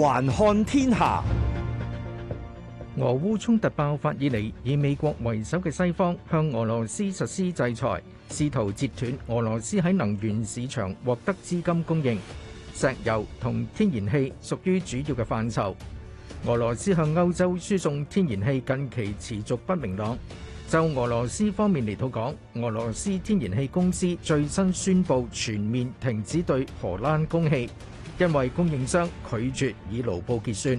環看天下，俄烏衝突爆發以嚟，以美國為首嘅西方向俄羅斯實施制裁，試圖截斷俄羅斯喺能源市場獲得資金供應。石油同天然氣屬於主要嘅範疇。俄羅斯向歐洲輸送天然氣近期持續不明朗。就俄羅斯方面嚟到講，俄羅斯天然氣公司最新宣布全面停止對荷蘭供氣。因為供應商拒絕以盧布結算，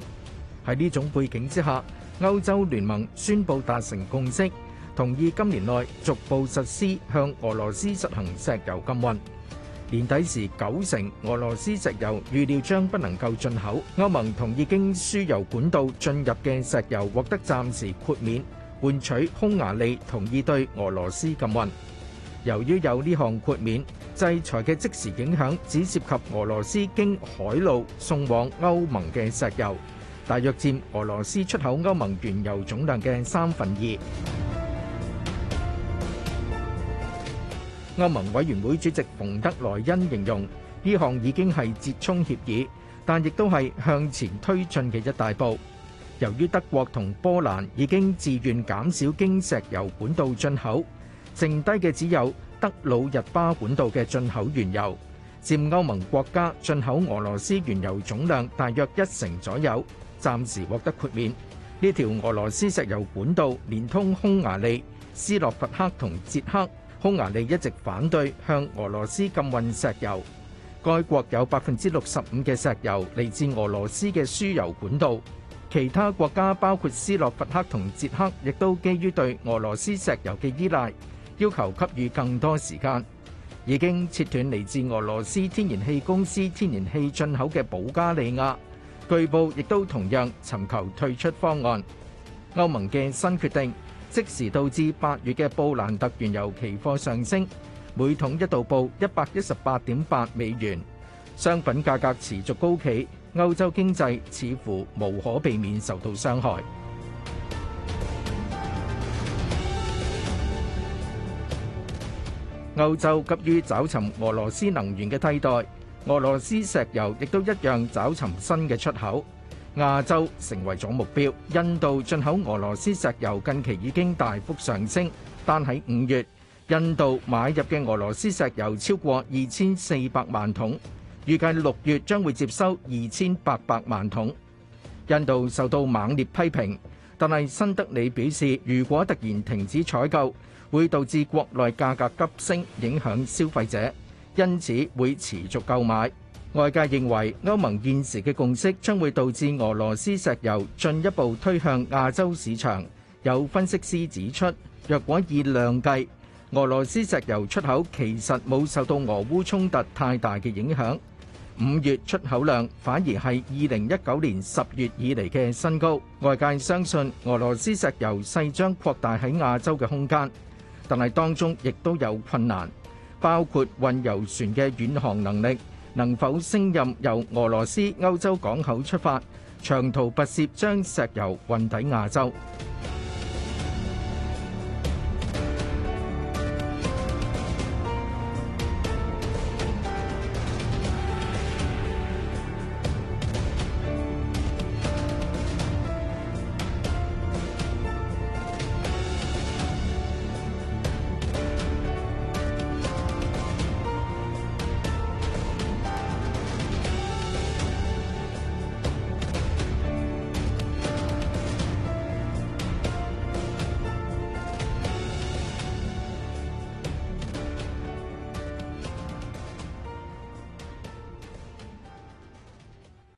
喺呢種背景之下，歐洲聯盟宣布達成共識，同意今年內逐步實施向俄羅斯實行石油禁運。年底時，九成俄羅斯石油預料將不能夠進口。歐盟同意經輸油管道進入嘅石油獲得暫時豁免，換取匈牙利同意對俄羅斯禁運。由於有呢項豁免，制裁嘅即時影響只涉及俄羅斯經海路送往歐盟嘅石油，大約佔俄羅斯出口歐盟原油總量嘅三分二。歐盟委員會主席馮德萊恩形容，呢項已經係折衷協議，但亦都係向前推進嘅一大步。由於德國同波蘭已經自願減少經石油管道進口，剩低嘅只有。德魯日巴管道嘅進口原油佔歐盟國家進口俄羅斯原油總量大約一成左右，暫時獲得豁免。呢條俄羅斯石油管道連通匈牙利、斯洛伐克同捷克。匈牙利一直反對向俄羅斯禁運石油，該國有百分之六十五嘅石油嚟自俄羅斯嘅輸油管道。其他國家包括斯洛伐克同捷克，亦都基於對俄羅斯石油嘅依賴。要求給予更多時間，已經切斷嚟自俄羅斯天然氣公司天然氣進口嘅保加利亞，據報亦都同樣尋求退出方案。歐盟嘅新決定，即時導致八月嘅布蘭特原油期貨上升，每桶一度報一百一十八點八美元，商品價格持續高企，歐洲經濟似乎無可避免受到傷害。歐洲急於找尋俄羅斯能源嘅替代，俄羅斯石油亦都一樣找尋新嘅出口。亞洲成為咗目標，印度進口俄羅斯石油近期已經大幅上升，單喺五月，印度買入嘅俄羅斯石油超過二千四百萬桶，預計六月將會接收二千八百萬桶。印度受到猛烈批評，但係新德里表示，如果突然停止採購，會導致國內價格急升，影響消費者，因此會持續購買。外界認為歐盟現時嘅共識將會導致俄羅斯石油進一步推向亞洲市場。有分析師指出，若果以量計，俄羅斯石油出口其實冇受到俄烏衝突太大嘅影響，五月出口量反而係二零一九年十月以嚟嘅新高。外界相信俄羅斯石油勢將擴大喺亞洲嘅空間。但係當中亦都有困難，包括運油船嘅遠航能力能否勝任由俄羅斯歐洲港口出發，長途跋涉將石油運抵亞洲。